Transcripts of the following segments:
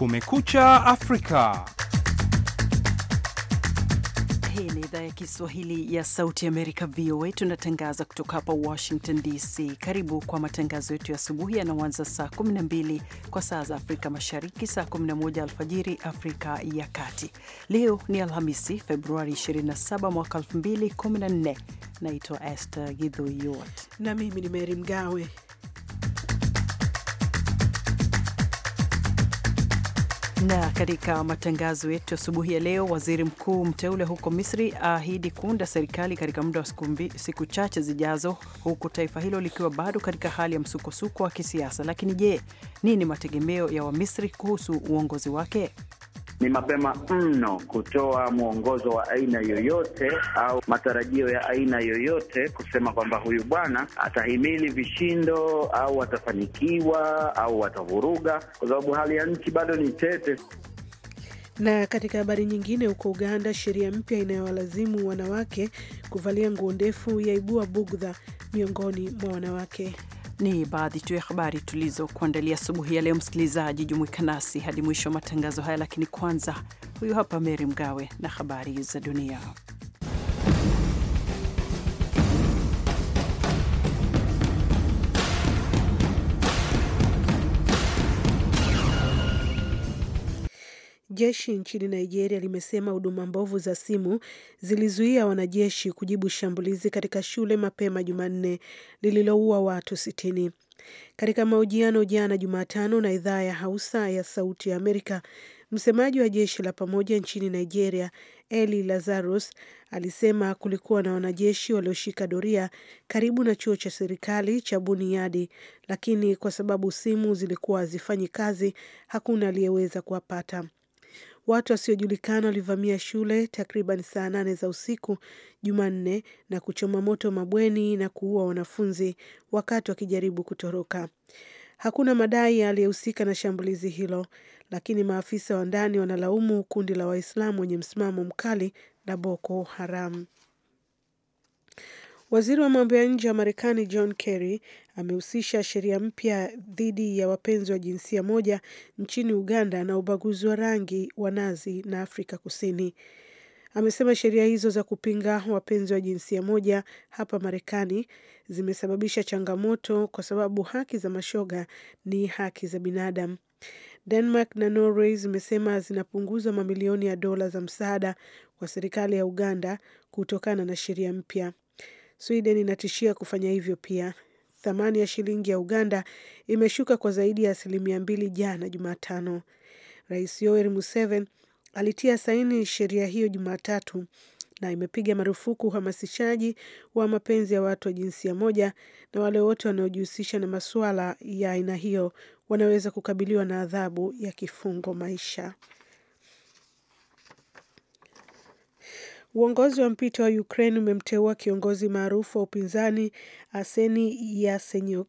Kumekucha Afrika. Hii ni idhaa ya Kiswahili ya Sauti Amerika, VOA. Tunatangaza kutoka hapa Washington DC. Karibu kwa matangazo yetu ya asubuhi yanaoanza saa 12 kwa saa za Afrika Mashariki, saa 11 alfajiri Afrika ya Kati. Leo ni Alhamisi, Februari 27 mwaka 2014. Naitwa Esther Gidho na mimi ni Meri Mgawe Na katika matangazo yetu asubuhi ya leo, waziri mkuu mteule huko Misri aahidi kuunda serikali katika muda wa siku chache zijazo, huku taifa hilo likiwa bado katika hali ya msukosuko wa kisiasa. Lakini je, nini mategemeo ya Wamisri kuhusu uongozi wake? ni mapema mno kutoa mwongozo wa aina yoyote au matarajio ya aina yoyote kusema kwamba huyu bwana atahimili vishindo au atafanikiwa au atavuruga, kwa sababu hali ya nchi bado ni tete. Na katika habari nyingine, huko Uganda, sheria mpya inayowalazimu wanawake kuvalia nguo ndefu yaibua bugdha miongoni mwa wanawake. Ni baadhi tu ya habari tulizokuandalia asubuhi ya leo. Msikilizaji, jumuika nasi hadi mwisho wa matangazo haya, lakini kwanza, huyu hapa Meri Mgawe na habari za dunia. Jeshi nchini Nigeria limesema huduma mbovu za simu zilizuia wanajeshi kujibu shambulizi katika shule mapema Jumanne lililoua watu sitini. Katika mahojiano jana Jumatano na idhaa ya Hausa ya Sauti ya Amerika, msemaji wa jeshi la pamoja nchini Nigeria Eli Lazarus alisema kulikuwa na wanajeshi walioshika doria karibu na chuo cha serikali cha Buniadi, lakini kwa sababu simu zilikuwa hazifanyi kazi, hakuna aliyeweza kuwapata. Watu wasiojulikana walivamia shule takriban saa nane za usiku Jumanne na kuchoma moto mabweni na kuua wanafunzi wakati wakijaribu kutoroka. Hakuna madai aliyehusika na shambulizi hilo, lakini maafisa wa ndani wanalaumu kundi la Waislamu wenye msimamo mkali la Boko Haram. Waziri wa mambo ya nje wa Marekani John Kerry amehusisha sheria mpya dhidi ya wapenzi wa jinsia moja nchini Uganda na ubaguzi wa rangi wa Nazi na Afrika Kusini. Amesema sheria hizo za kupinga wapenzi wa jinsia moja hapa Marekani zimesababisha changamoto kwa sababu haki za mashoga ni haki za binadamu. Denmark na Norway zimesema zinapunguza mamilioni ya dola za msaada kwa serikali ya Uganda kutokana na sheria mpya. Sweden inatishia kufanya hivyo pia. Thamani ya shilingi ya Uganda imeshuka kwa zaidi ya asilimia mbili jana Jumatano. Rais Yoweri Museveni alitia saini sheria hiyo Jumatatu na imepiga marufuku uhamasishaji wa mapenzi ya watu wa jinsia moja, na wale wote wanaojihusisha na masuala ya aina hiyo wanaweza kukabiliwa na adhabu ya kifungo maisha. Uongozi wa mpito wa Ukraine umemteua kiongozi maarufu wa upinzani arseni yasenyuk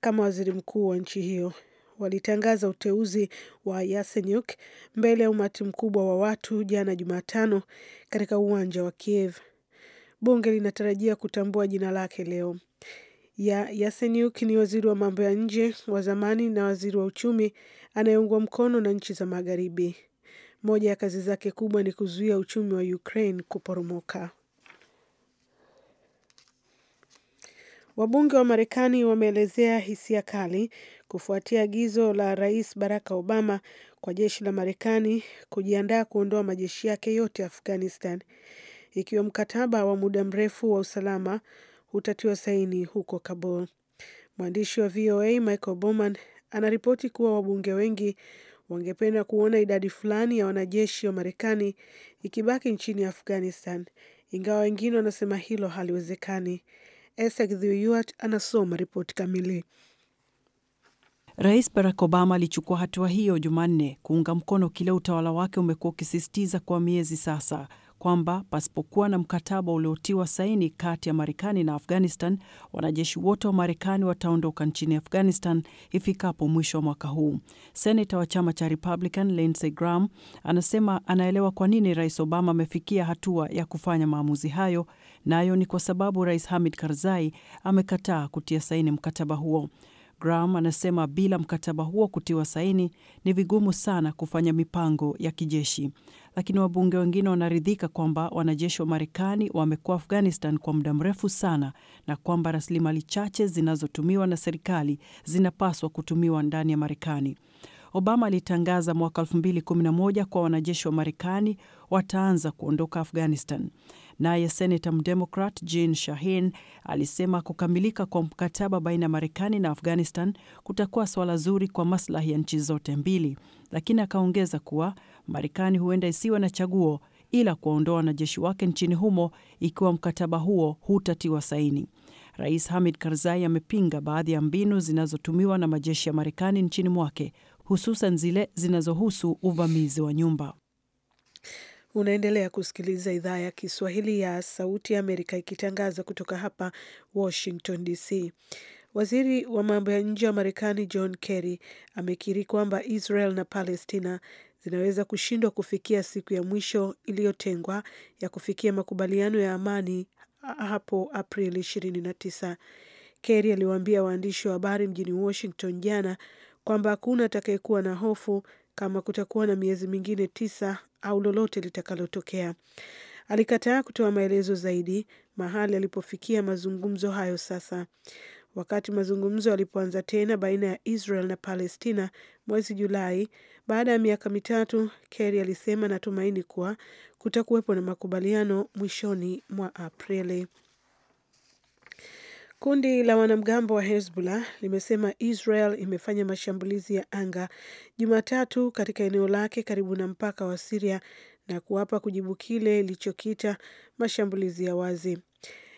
kama waziri mkuu wa nchi hiyo. Walitangaza uteuzi wa yasenyuk mbele ya umati mkubwa wa watu jana Jumatano katika uwanja wa Kiev. Bunge linatarajia kutambua jina lake leo. Ya Yasenyuk ni waziri wa mambo ya nje wa zamani na waziri wa uchumi anayeungwa mkono na nchi za Magharibi. Moja ya kazi zake kubwa ni kuzuia uchumi wa Ukraine kuporomoka. Wabunge wa Marekani wameelezea hisia kali kufuatia agizo la Rais Barack Obama kwa jeshi la Marekani kujiandaa kuondoa majeshi yake yote Afghanistan, ikiwa mkataba wa muda mrefu wa usalama utatiwa saini huko Kabul. Mwandishi wa VOA Michael Bowman anaripoti kuwa wabunge wengi wangependa kuona idadi fulani ya wanajeshi wa Marekani ikibaki nchini Afghanistan, ingawa wengine wanasema hilo haliwezekani. Esek Dhiuyuat anasoma ripoti kamili. Rais Barack Obama alichukua hatua hiyo Jumanne kuunga mkono kile utawala wake umekuwa ukisisitiza kwa miezi sasa, kwamba pasipokuwa na mkataba uliotiwa saini kati ya Marekani na Afghanistan, wanajeshi wote wa Marekani wataondoka nchini Afghanistan ifikapo mwisho wa mwaka huu. Senata wa chama cha Republican Lindsey Graham anasema anaelewa kwa nini Rais Obama amefikia hatua ya kufanya maamuzi hayo, nayo ni kwa sababu Rais Hamid Karzai amekataa kutia saini mkataba huo. Graham anasema bila mkataba huo kutiwa saini ni vigumu sana kufanya mipango ya kijeshi, lakini wabunge wengine wanaridhika kwamba wanajeshi wa Marekani wamekuwa Afghanistan kwa muda mrefu sana na kwamba rasilimali chache zinazotumiwa na serikali zinapaswa kutumiwa ndani ya Marekani. Obama alitangaza mwaka 2011 kwa wanajeshi wa Marekani wataanza kuondoka Afghanistan. Naye senata mdemokrat Jean Shaheen alisema kukamilika kwa mkataba baina ya Marekani na Afghanistan kutakuwa swala zuri kwa maslahi ya nchi zote mbili, lakini akaongeza kuwa Marekani huenda isiwe na chaguo ila kuwaondoa wanajeshi wake nchini humo ikiwa mkataba huo hutatiwa saini. Rais Hamid Karzai amepinga baadhi ya mbinu zinazotumiwa na majeshi ya Marekani nchini mwake, hususan zile zinazohusu uvamizi wa nyumba. Unaendelea kusikiliza idhaa ya Kiswahili ya Sauti ya Amerika ikitangaza kutoka hapa Washington DC. Waziri wa mambo ya nje wa Marekani John Kerry amekiri kwamba Israel na Palestina zinaweza kushindwa kufikia siku ya mwisho iliyotengwa ya kufikia makubaliano ya amani hapo Aprili 29. Kerry aliwaambia waandishi wa habari mjini Washington jana kwamba hakuna atakayekuwa na hofu kama kutakuwa na miezi mingine tisa au lolote litakalotokea. Alikataa kutoa maelezo zaidi mahali alipofikia mazungumzo hayo sasa. Wakati mazungumzo yalipoanza tena baina ya Israel na Palestina mwezi Julai baada ya miaka mitatu, Kerry alisema anatumaini kuwa kutakuwepo na makubaliano mwishoni mwa Aprili. Kundi la wanamgambo wa Hezbollah limesema Israel imefanya mashambulizi ya anga Jumatatu katika eneo lake karibu na mpaka wa Siria na kuwapa kujibu kile ilichokita mashambulizi ya wazi.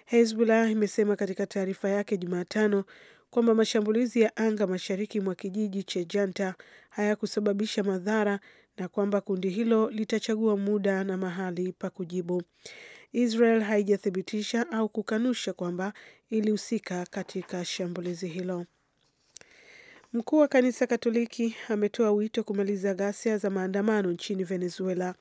Hezbollah imesema katika taarifa yake Jumatano kwamba mashambulizi ya anga mashariki mwa kijiji cha Janta hayakusababisha madhara na kwamba kundi hilo litachagua muda na mahali pa kujibu. Israel haijathibitisha au kukanusha kwamba ilihusika katika shambulizi hilo. Mkuu wa kanisa Katoliki ametoa wito kumaliza ghasia za maandamano nchini Venezuela.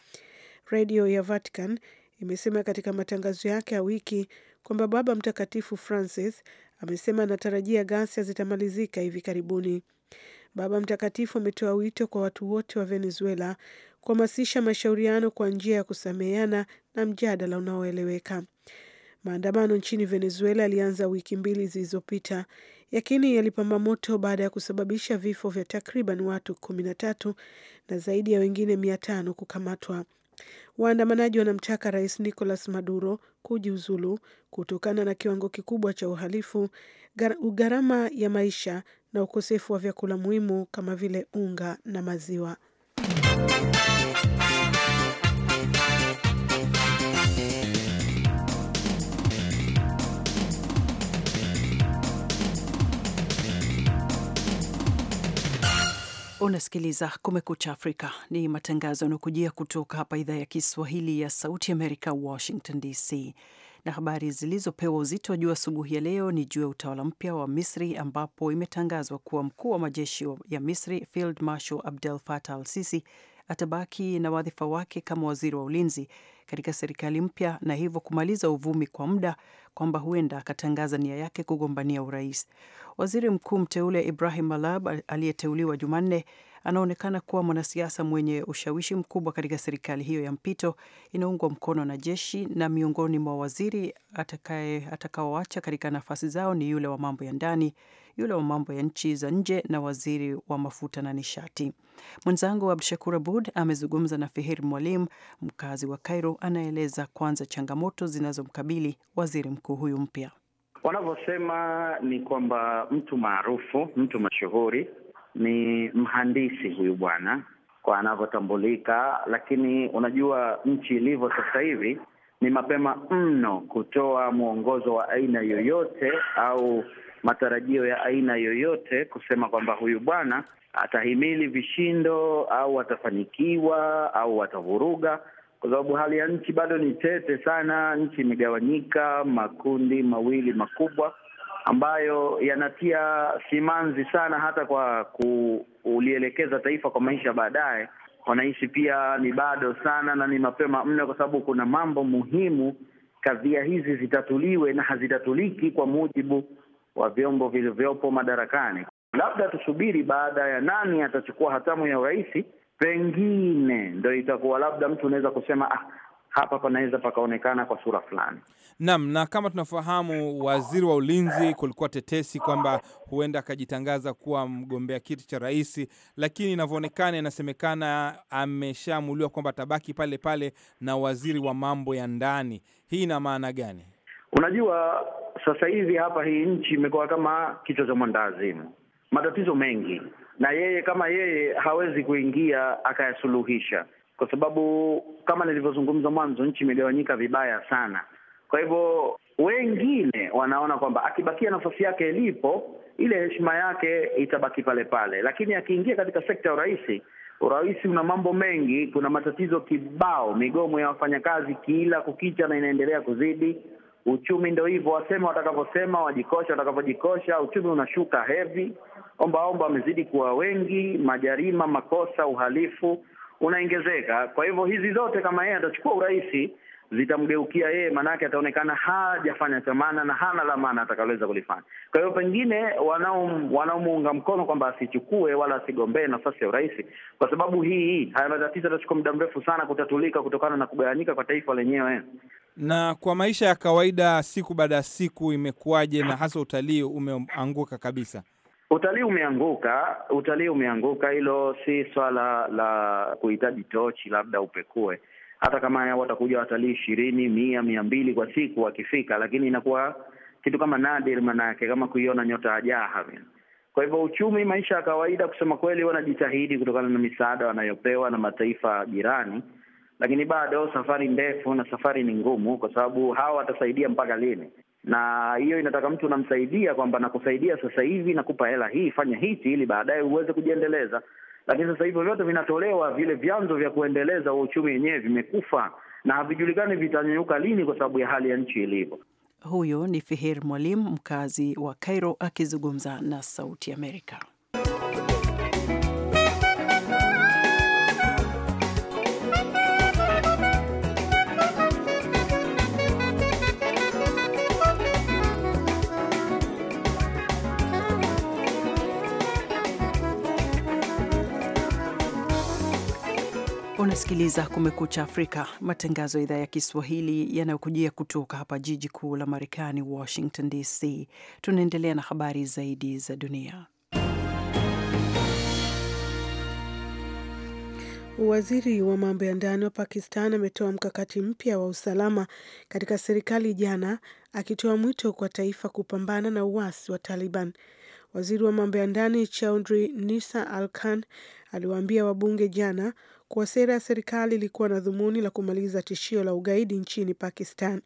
Redio ya Vatican imesema katika matangazo yake ya wiki kwamba Baba Mtakatifu Francis amesema anatarajia ghasia zitamalizika hivi karibuni. Baba Mtakatifu ametoa wito kwa watu wote wa Venezuela kuhamasisha mashauriano kwa njia ya kusameheana na mjadala unaoeleweka. Maandamano nchini Venezuela yalianza wiki mbili zilizopita, lakini yalipamba moto baada ya kusababisha vifo vya takriban watu kumi na tatu na zaidi ya wengine mia tano kukamatwa. Waandamanaji wanamtaka Rais Nicolas Maduro kujiuzulu kutokana na kiwango kikubwa cha uhalifu, gharama ya maisha na ukosefu wa vyakula muhimu kama vile unga na maziwa. Unasikiliza Kumekucha Afrika, ni matangazo yanaokujia kutoka hapa idhaa ya Kiswahili ya Sauti Amerika, Washington DC. Na habari zilizopewa uzito wa juu asubuhi ya leo ni juu ya utawala mpya wa Misri, ambapo imetangazwa kuwa mkuu wa majeshi ya Misri Field Marshal Abdel Fattah al Sisi atabaki na wadhifa wake kama waziri wa ulinzi katika serikali mpya na hivyo kumaliza uvumi kwa muda kwamba huenda akatangaza nia yake kugombania urais. Waziri mkuu mteule Ibrahim alab aliyeteuliwa Jumanne anaonekana kuwa mwanasiasa mwenye ushawishi mkubwa katika serikali hiyo ya mpito inaungwa mkono na jeshi, na miongoni mwa waziri atakaoacha katika nafasi zao ni yule wa mambo ya ndani, yule wa mambo ya nchi za nje na waziri wa mafuta na nishati. Mwenzangu Abdu Shakur Abud amezungumza na Fihir mwalim mkazi wa Cairo, anaeleza kwanza changamoto zinazomkabili waziri mkuu huyu mpya. Wanavyosema ni kwamba mtu maarufu, mtu mashuhuri ni mhandisi huyu bwana kwa anavyotambulika, lakini unajua nchi ilivyo sasa hivi ni mapema mno kutoa mwongozo wa aina yoyote au matarajio ya aina yoyote kusema kwamba huyu bwana atahimili vishindo au atafanikiwa au atavuruga, kwa sababu hali ya nchi bado ni tete sana. Nchi imegawanyika makundi mawili makubwa ambayo yanatia simanzi sana hata kwa kulielekeza taifa kwa maisha baadaye, wanahisi pia ni bado sana na ni mapema mno, kwa sababu kuna mambo muhimu, kadhia hizi zitatuliwe na hazitatuliki kwa mujibu wa vyombo vilivyopo madarakani. Labda tusubiri baada ya nani atachukua hatamu ya urais, pengine ndo itakuwa labda mtu unaweza kusema ah, hapa panaweza pakaonekana kwa sura fulani. Naam, na kama tunafahamu, waziri wa ulinzi, kulikuwa tetesi kwamba huenda akajitangaza kuwa mgombea kiti cha rais, lakini inavyoonekana, inasemekana ameshaamuliwa kwamba atabaki pale pale na waziri wa mambo ya ndani. Hii ina maana gani? Unajua, sasa hivi hapa hii nchi imekuwa kama kichwa cha mwendawazimu, matatizo mengi, na yeye kama yeye hawezi kuingia akayasuluhisha kwa sababu kama nilivyozungumza mwanzo, nchi imegawanyika vibaya sana. Kwa hivyo wengine wanaona kwamba akibakia nafasi yake ilipo, ile heshima yake itabaki pale pale, lakini akiingia katika sekta ya urais, urais una mambo mengi, kuna matatizo kibao, migomo ya wafanyakazi kila kukicha na inaendelea kuzidi. Uchumi ndo hivyo, waseme watakavyosema, wajikosha watakavyojikosha, uchumi unashuka hevi, ombaomba wamezidi kuwa wengi, majarima, makosa, uhalifu unaongezeka. Kwa hivyo hizi zote, kama yeye atachukua urais, zitamgeukia yeye, maanake ataonekana hajafanya cha maana na hana la maana atakaloweza kulifanya. Kwa hiyo pengine wanaomuunga mkono kwamba asichukue wala asigombee nafasi ya urais, kwa sababu hii haya matatizo atachukua muda mrefu sana kutatulika, kutokana na kugawanyika kwa taifa lenyewe na kwa maisha ya kawaida, siku baada ya siku. Imekuwaje? Na hasa utalii umeanguka kabisa. Utalii umeanguka, utalii umeanguka. Hilo si swala la kuhitaji tochi labda upekue. Hata kama watakuja watalii ishirini, mia, mia mbili kwa siku wakifika, lakini inakuwa kitu kama nadir, manake kama kuiona nyota ya Kwa hivyo uchumi, maisha ya kawaida, kusema kweli, wanajitahidi kutokana na misaada wanayopewa na mataifa jirani, lakini bado safari ndefu na safari ni ngumu, kwa sababu hawa watasaidia mpaka lini? na hiyo inataka mtu unamsaidia kwamba nakusaidia sasa hivi, nakupa hela hii, fanya hichi ili baadaye uweze kujiendeleza. Lakini sasa hivi vyote vinatolewa, vile vyanzo vya kuendeleza wa uchumi wenyewe vimekufa na havijulikani vitanyuka lini, kwa sababu ya hali ya nchi ilivyo. Huyo ni Fihir Mwalimu, mkazi wa Cairo, akizungumza na Sauti Amerika. Unasikiliza Kumekucha Afrika, matangazo ya idhaa ya Kiswahili yanayokujia kutoka hapa jiji kuu la Marekani, Washington DC. Tunaendelea na habari zaidi za dunia. Waziri wa mambo ya ndani wa Pakistan ametoa mkakati mpya wa usalama katika serikali jana, akitoa mwito kwa taifa kupambana na uasi wa Taliban. Waziri wa mambo ya ndani Chaudhry Nisa Al Khan aliwaambia wabunge jana kuwa sera ya serikali ilikuwa na dhumuni la kumaliza tishio la ugaidi nchini Pakistan.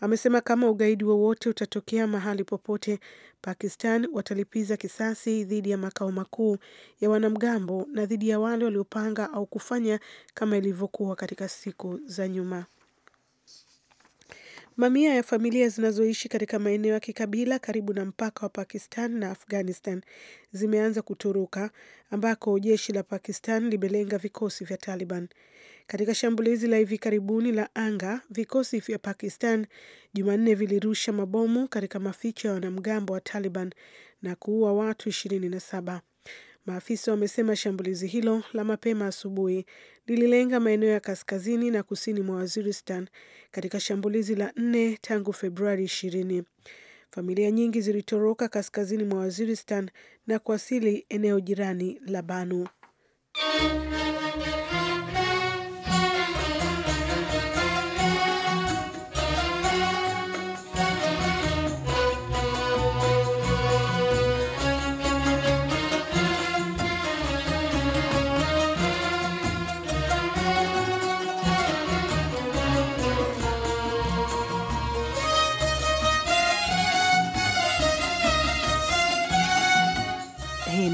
Amesema kama ugaidi wowote utatokea mahali popote, Pakistan watalipiza kisasi dhidi ya makao makuu ya wanamgambo na dhidi ya wale waliopanga au kufanya kama ilivyokuwa katika siku za nyuma. Mamia ya familia zinazoishi katika maeneo ya kikabila karibu na mpaka wa Pakistan na Afghanistan zimeanza kutoroka ambako jeshi la Pakistan limelenga vikosi vya Taliban. Katika shambulizi la hivi karibuni la anga, vikosi vya Pakistan Jumanne vilirusha mabomu katika maficho ya wanamgambo wa Taliban na kuua watu 2shirini saba. Maafisa wamesema shambulizi hilo la mapema asubuhi lililenga maeneo ya kaskazini na kusini mwa Waziristan katika shambulizi la nne tangu Februari ishirini. Familia nyingi zilitoroka kaskazini mwa Waziristan na kuasili eneo jirani la Banu.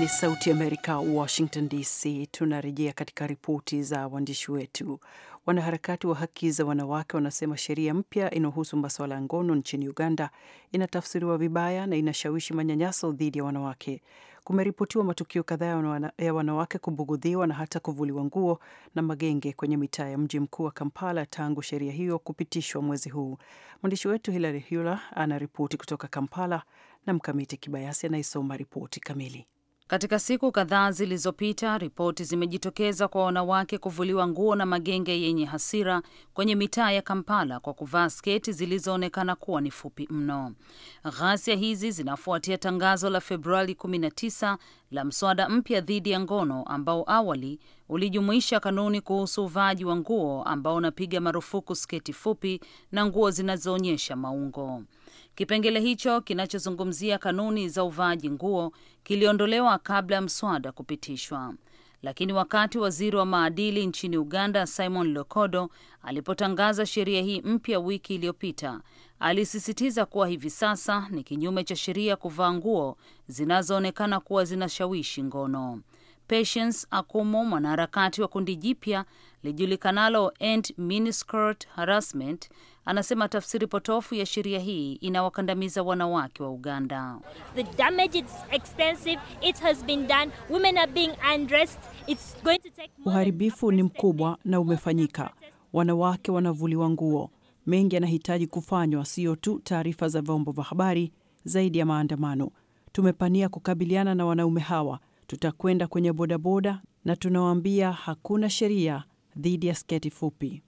ni Sauti Amerika, Washington DC. Tunarejea katika ripoti za waandishi wetu. Wanaharakati wa haki za wanawake wanasema sheria mpya inayohusu masuala ya ngono nchini Uganda inatafsiriwa vibaya na inashawishi manyanyaso dhidi ya wanawake. Kumeripotiwa matukio kadhaa ya wanawake kubugudhiwa na hata kuvuliwa nguo na magenge kwenye mitaa ya mji mkuu wa Kampala tangu sheria hiyo kupitishwa mwezi huu. Mwandishi wetu Hilary Hula anaripoti kutoka Kampala na Mkamiti Kibayasi anayesoma ripoti kamili. Katika siku kadhaa zilizopita, ripoti zimejitokeza kwa wanawake kuvuliwa nguo na magenge yenye hasira kwenye mitaa ya Kampala kwa kuvaa sketi zilizoonekana kuwa ni fupi mno. Ghasia hizi zinafuatia tangazo la Februari 19 la mswada mpya dhidi ya ngono ambao awali ulijumuisha kanuni kuhusu uvaaji wa nguo ambao unapiga marufuku sketi fupi na nguo zinazoonyesha maungo. Kipengele hicho kinachozungumzia kanuni za uvaaji nguo kiliondolewa kabla ya mswada kupitishwa. Lakini wakati waziri wa maadili nchini Uganda Simon Lokodo alipotangaza sheria hii mpya wiki iliyopita, alisisitiza kuwa hivi sasa ni kinyume cha sheria kuvaa nguo zinazoonekana kuwa zinashawishi ngono. Patience Akumu, mwanaharakati wa kundi jipya lijulikanalo End Miniskirt Harassment anasema tafsiri potofu ya sheria hii inawakandamiza wanawake wa Uganda. Uharibifu ni mkubwa na umefanyika. Wanawake wanavuliwa nguo. Mengi yanahitaji kufanywa, siyo tu taarifa za vyombo vya habari, zaidi ya maandamano. Tumepania kukabiliana na wanaume hawa. Tutakwenda kwenye bodaboda na tunawaambia hakuna sheria dhidi ya sketi fupi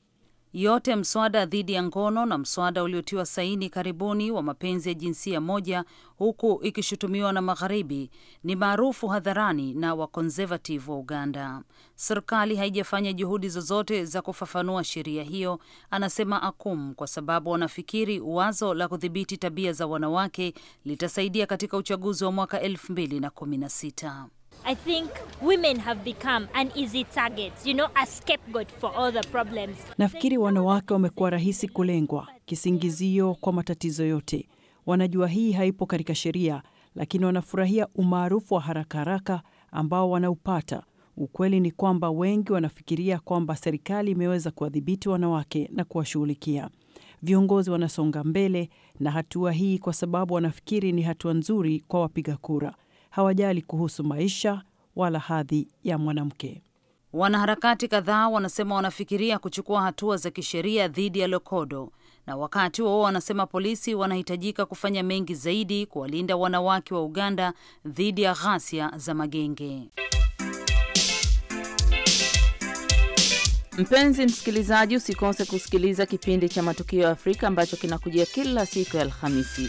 yote mswada dhidi ya ngono na mswada uliotiwa saini karibuni wa mapenzi ya jinsia moja, huku ikishutumiwa na magharibi, ni maarufu hadharani na wakonservative wa Uganda. Serikali haijafanya juhudi zozote za kufafanua sheria hiyo, anasema Akum, kwa sababu wanafikiri wazo la kudhibiti tabia za wanawake litasaidia katika uchaguzi wa mwaka elfu mbili na kumi na sita. I think women have become an easy target, you know, a scapegoat for all the problems. Nafikiri wanawake wamekuwa rahisi kulengwa, kisingizio kwa matatizo yote. Wanajua hii haipo katika sheria, lakini wanafurahia umaarufu wa haraka haraka ambao wanaupata. Ukweli ni kwamba wengi wanafikiria kwamba serikali imeweza kuwadhibiti wanawake na kuwashughulikia. Viongozi wanasonga mbele na hatua hii kwa sababu wanafikiri ni hatua nzuri kwa wapiga kura hawajali kuhusu maisha wala hadhi ya mwanamke. Wanaharakati kadhaa wanasema wanafikiria kuchukua hatua za kisheria dhidi ya Lokodo, na wakati wao wanasema polisi wanahitajika kufanya mengi zaidi kuwalinda wanawake wa Uganda dhidi ya ghasia za magenge. Mpenzi msikilizaji, usikose kusikiliza kipindi cha Matukio ya Afrika ambacho kinakujia kila siku ya Alhamisi.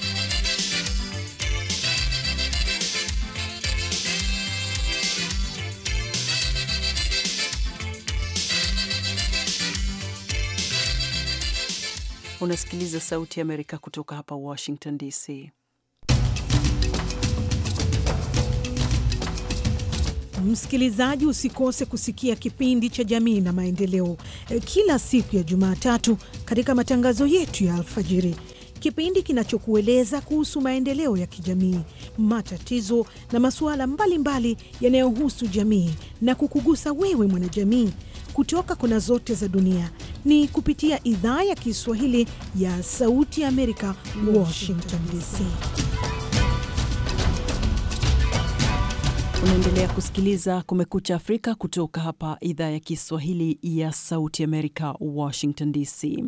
Unasikiliza Sauti ya Amerika kutoka hapa Washington DC. Msikilizaji, usikose kusikia kipindi cha Jamii na Maendeleo eh, kila siku ya Jumatatu katika matangazo yetu ya alfajiri kipindi kinachokueleza kuhusu maendeleo ya kijamii, matatizo na masuala mbalimbali yanayohusu jamii na kukugusa wewe mwanajamii kutoka kona zote za dunia. Ni kupitia idhaa ya Kiswahili ya Sauti ya Amerika, Washington DC. Unaendelea kusikiliza Kumekucha Afrika kutoka hapa idhaa ya Kiswahili ya Sauti Amerika, Washington DC.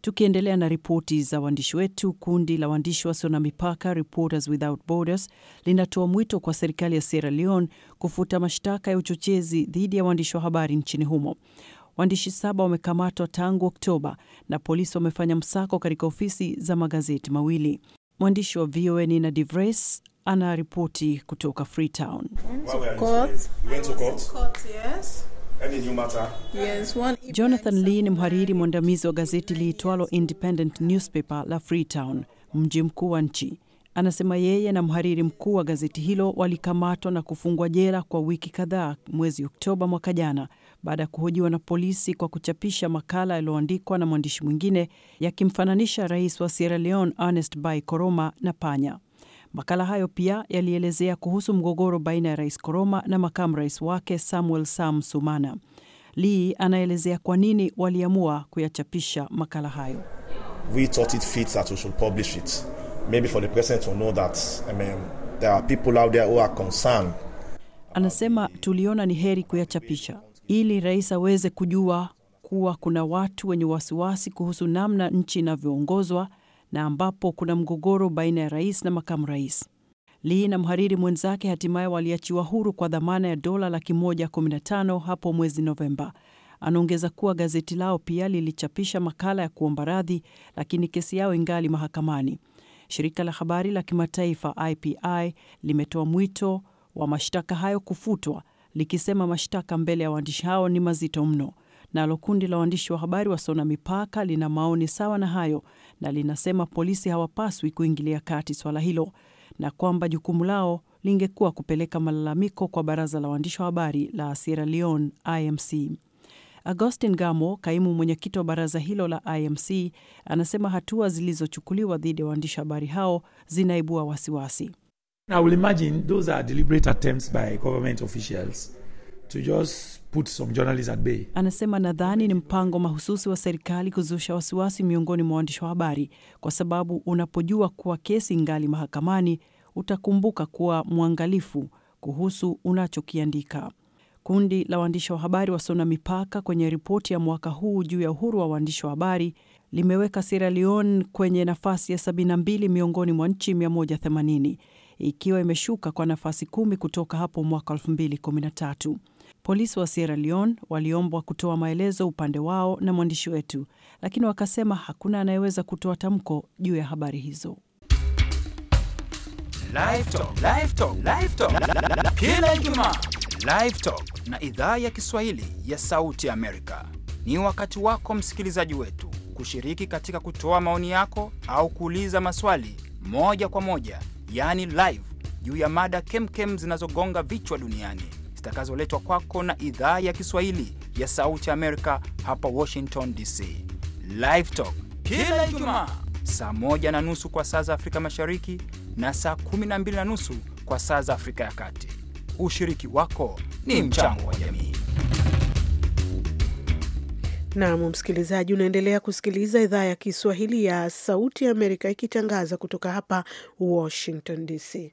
Tukiendelea na ripoti za waandishi wetu, kundi la waandishi wasio na mipaka, Reporters Without Borders, linatoa mwito kwa serikali ya Sierra Leone kufuta mashtaka ya uchochezi dhidi ya waandishi wa habari nchini humo. Waandishi saba wamekamatwa tangu Oktoba na polisi wamefanya msako katika ofisi za magazeti mawili. Mwandishi wa VOA Nina Divres Vries anaripoti kutoka Freetown. Yaani Jonathan Lee ni mhariri mwandamizi wa gazeti liitwalo Independent Newspaper la Freetown, mji mkuu wa nchi. Anasema yeye na mhariri mkuu wa gazeti hilo walikamatwa na kufungwa jela kwa wiki kadhaa mwezi Oktoba mwaka jana baada ya kuhojiwa na polisi kwa kuchapisha makala yaliyoandikwa na mwandishi mwingine yakimfananisha rais wa Sierra Leone Ernest Bai Koroma na panya. Makala hayo pia yalielezea kuhusu mgogoro baina ya Rais Koroma na makamu rais wake Samuel Sam Sumana. Lee anaelezea kwa nini waliamua kuyachapisha makala hayo. We thought it fit that we should publish it. Maybe for the president to know that, I mean, there are people out there who are concerned. Anasema tuliona ni heri kuyachapisha ili rais aweze kujua kuwa kuna watu wenye wasiwasi kuhusu namna nchi inavyoongozwa na ambapo kuna mgogoro baina ya rais na makamu rais. Lee na mhariri mwenzake hatimaye waliachiwa huru kwa dhamana ya dola laki moja kumi na tano hapo mwezi Novemba. Anaongeza kuwa gazeti lao pia lilichapisha makala ya kuomba radhi, lakini kesi yao ingali mahakamani. Shirika la habari la kimataifa IPI limetoa mwito wa mashtaka hayo kufutwa, likisema mashtaka mbele ya waandishi hao ni mazito mno. Nalo kundi la waandishi wa habari wasio na mipaka lina maoni sawa na hayo na linasema polisi hawapaswi kuingilia kati swala hilo na kwamba jukumu lao lingekuwa kupeleka malalamiko kwa baraza la waandishi wa habari la Sierra Leone, IMC. Agostin Gamo, kaimu mwenyekiti wa baraza hilo la IMC, anasema hatua zilizochukuliwa dhidi ya waandishi habari hao zinaibua wasiwasi. I will imagine those are deliberate attempts by government officials to just put some journalists at bay. Anasema nadhani ni mpango mahususi wa serikali kuzusha wasiwasi miongoni mwa waandishi wa habari, kwa sababu unapojua kuwa kesi ngali mahakamani, utakumbuka kuwa mwangalifu kuhusu unachokiandika. Kundi la waandishi wa habari wasio na mipaka kwenye ripoti ya mwaka huu juu ya uhuru wa waandishi wa habari limeweka Sierra Leone kwenye nafasi ya 72 miongoni mwa nchi 180 ikiwa imeshuka kwa nafasi kumi kutoka hapo mwaka 2013. Polisi wa Sierra Leone waliombwa kutoa maelezo upande wao na mwandishi wetu, lakini wakasema hakuna anayeweza kutoa tamko juu ya habari hizo. Kila Ijumaa na idhaa ya Kiswahili ya Sauti ya Amerika ni wakati wako msikilizaji wetu kushiriki katika kutoa maoni yako au kuuliza maswali moja kwa moja, yaani live, juu ya mada kemkem zinazogonga vichwa duniani zitakazoletwa kwako na idhaa ya Kiswahili ya Sauti Amerika hapa Washington DC. Live Talk kila Ijumaa saa moja na nusu kwa saa za Afrika Mashariki na saa kumi na mbili na nusu kwa saa za Afrika ya Kati. Ushiriki wako ni mchango wa jamii. Nam msikilizaji, unaendelea kusikiliza idhaa ya Kiswahili ya Sauti ya Amerika ikitangaza kutoka hapa Washington DC.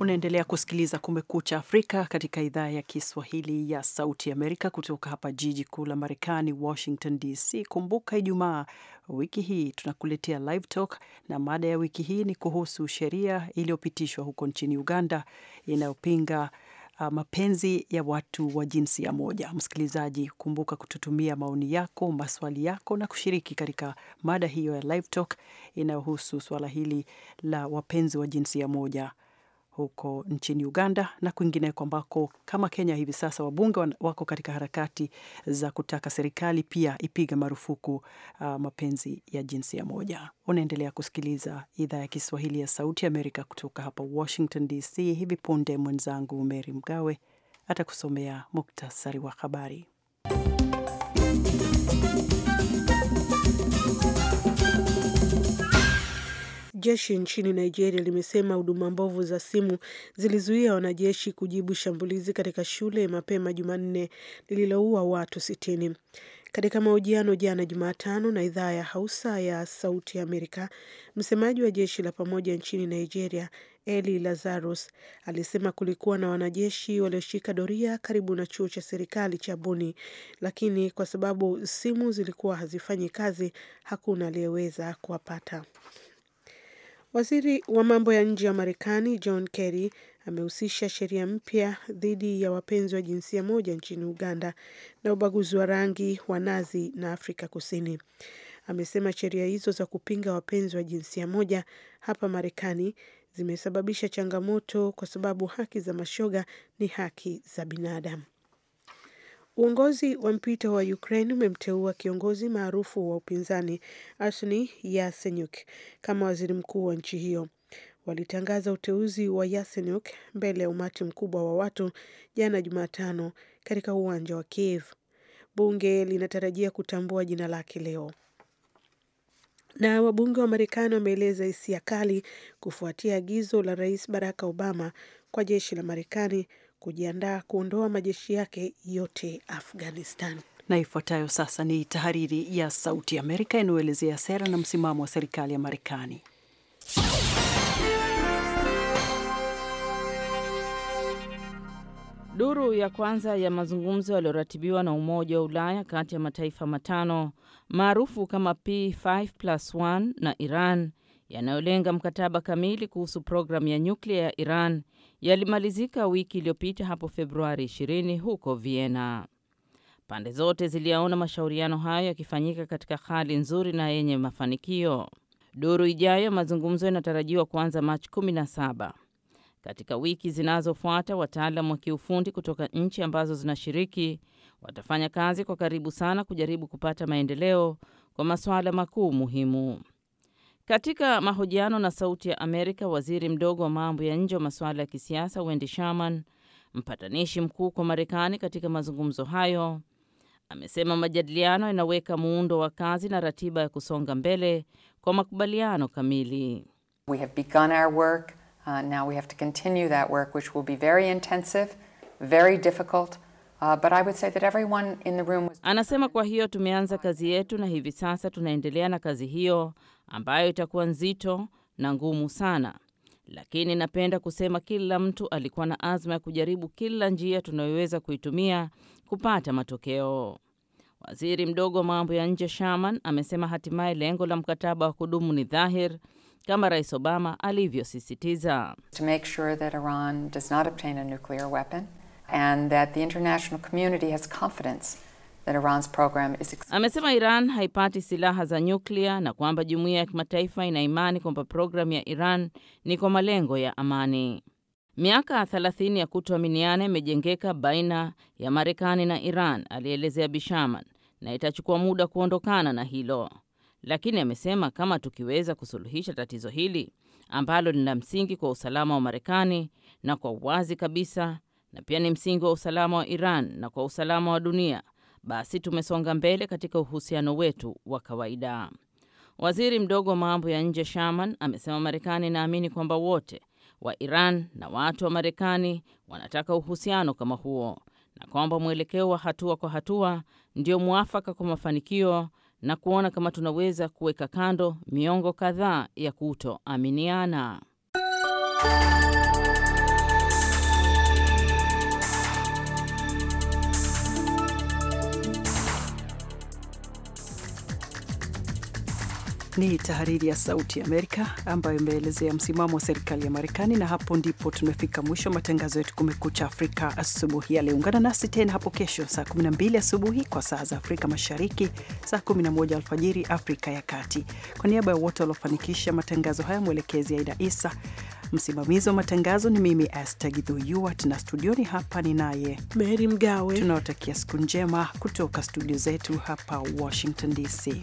Unaendelea kusikiliza Kumekucha Afrika katika idhaa ya Kiswahili ya Sauti Amerika kutoka hapa jiji kuu la Marekani, Washington DC. Kumbuka Ijumaa wiki hii tunakuletea Live Talk na mada ya wiki hii ni kuhusu sheria iliyopitishwa huko nchini Uganda inayopinga ah, mapenzi ya watu wa jinsia moja. Msikilizaji, kumbuka kututumia maoni yako, maswali yako na kushiriki katika mada hiyo ya Live Talk inayohusu swala hili la wapenzi wa jinsia moja huko nchini Uganda na kwingineko ambako kama Kenya hivi sasa wabunge wako katika harakati za kutaka serikali pia ipiga marufuku uh, mapenzi ya jinsia moja. Unaendelea kusikiliza idhaa ya Kiswahili ya Sauti Amerika kutoka hapa Washington DC. Hivi punde mwenzangu Meri Mgawe atakusomea muktasari wa habari. Jeshi nchini Nigeria limesema huduma mbovu za simu zilizuia wanajeshi kujibu shambulizi katika shule mapema Jumanne lililoua watu sitini. Katika mahojiano jana Jumatano na idhaa ya Hausa ya Sauti ya Amerika, msemaji wa jeshi la pamoja nchini Nigeria, Eli Lazarus, alisema kulikuwa na wanajeshi walioshika doria karibu na chuo cha serikali cha buni lakini kwa sababu simu zilikuwa hazifanyi kazi, hakuna aliyeweza kuwapata. Waziri wa mambo ya nje wa Marekani John Kerry amehusisha sheria mpya dhidi ya wapenzi wa jinsia moja nchini Uganda na ubaguzi wa rangi wa Nazi na Afrika Kusini. Amesema sheria hizo za kupinga wapenzi wa jinsia moja hapa Marekani zimesababisha changamoto kwa sababu haki za mashoga ni haki za binadamu. Uongozi wa mpito wa Ukraine umemteua kiongozi maarufu wa upinzani Arseniy Yatsenyuk kama waziri mkuu wa nchi hiyo. Walitangaza uteuzi wa Yatsenyuk mbele ya umati mkubwa wa watu jana Jumatano katika uwanja wa Kiev. Bunge linatarajia kutambua jina lake leo. Na wabunge wa Marekani wameeleza hisia kali kufuatia agizo la Rais Barack Obama kwa jeshi la Marekani kujiandaa kuondoa majeshi yake yote Afghanistan. Na ifuatayo sasa ni tahariri ya Sauti ya Amerika inayoelezea sera na msimamo wa serikali ya Marekani. Duru ya kwanza ya mazungumzo yaliyoratibiwa na Umoja wa Ulaya kati ya mataifa matano maarufu kama P5+1 na Iran yanayolenga mkataba kamili kuhusu programu ya nyuklia ya Iran yalimalizika wiki iliyopita hapo Februari 20 huko Vienna. Pande zote ziliyaona mashauriano hayo yakifanyika katika hali nzuri na yenye mafanikio. Duru ijayo mazungumzo yanatarajiwa kuanza Machi 17. Katika wiki zinazofuata, wataalamu wa kiufundi kutoka nchi ambazo zinashiriki watafanya kazi kwa karibu sana kujaribu kupata maendeleo kwa masuala makuu muhimu. Katika mahojiano na Sauti ya Amerika, waziri mdogo wa mambo ya nje wa masuala ya kisiasa Wendy Sherman, mpatanishi mkuu kwa Marekani katika mazungumzo hayo, amesema majadiliano yanaweka muundo wa kazi na ratiba ya kusonga mbele kwa makubaliano kamili. We have begun our work. Uh, now we have to continue that work which will be very intensive, very difficult. Uh, but I would say that everyone in the room was... Anasema kwa hiyo tumeanza kazi yetu na hivi sasa tunaendelea na kazi hiyo ambayo itakuwa nzito na ngumu sana, lakini napenda kusema kila mtu alikuwa na azma ya kujaribu kila njia tunayoweza kuitumia kupata matokeo. Waziri mdogo wa mambo ya nje sharman amesema hatimaye lengo la mkataba wa kudumu ni dhahir kama Rais Obama alivyosisitiza, sure that Iran's program is... Amesema Iran haipati silaha za nyuklia na kwamba jumuiya ya kimataifa ina imani kwamba programu ya Iran ni kwa malengo ya amani. Miaka 30 ya kutoaminiana imejengeka baina ya Marekani na Iran, alielezea Bishaman, na itachukua muda kuondokana na hilo, lakini amesema kama tukiweza kusuluhisha tatizo hili ambalo ni la msingi kwa usalama wa Marekani na kwa uwazi kabisa, na pia ni msingi wa usalama wa Iran na kwa usalama wa dunia, basi tumesonga mbele katika uhusiano wetu wa kawaida. Waziri mdogo wa mambo ya nje Shaman amesema Marekani inaamini kwamba wote wa Iran na watu wa Marekani wanataka uhusiano kama huo na kwamba mwelekeo wa hatua kwa hatua ndio mwafaka kwa mafanikio na kuona kama tunaweza kuweka kando miongo kadhaa ya kutoaminiana. ni tahariri ya Sauti ya Amerika ambayo imeelezea msimamo wa serikali ya Marekani. Na hapo ndipo tumefika mwisho matangazo yetu Kumekucha Afrika asubuhi ya leo. Ungana nasi tena hapo kesho saa 12 asubuhi kwa saa za Afrika Mashariki, saa 11 alfajiri Afrika ya Kati. Kwa niaba ya wote waliofanikisha matangazo haya, mwelekezi Aida Isa, msimamizi wa matangazo ni mimi Astagidhyuat, na studioni hapa ni naye Meri Mgawe. Tunawatakia siku njema kutoka studio zetu hapa Washington DC.